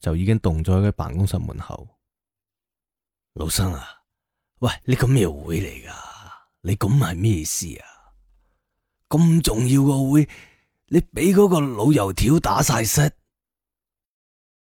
就已經凍咗喺佢辦公室門口。老生啊，喂，你咁咩會嚟噶？你咁係咩事啊？咁重要個會，你俾嗰個老油條打晒色。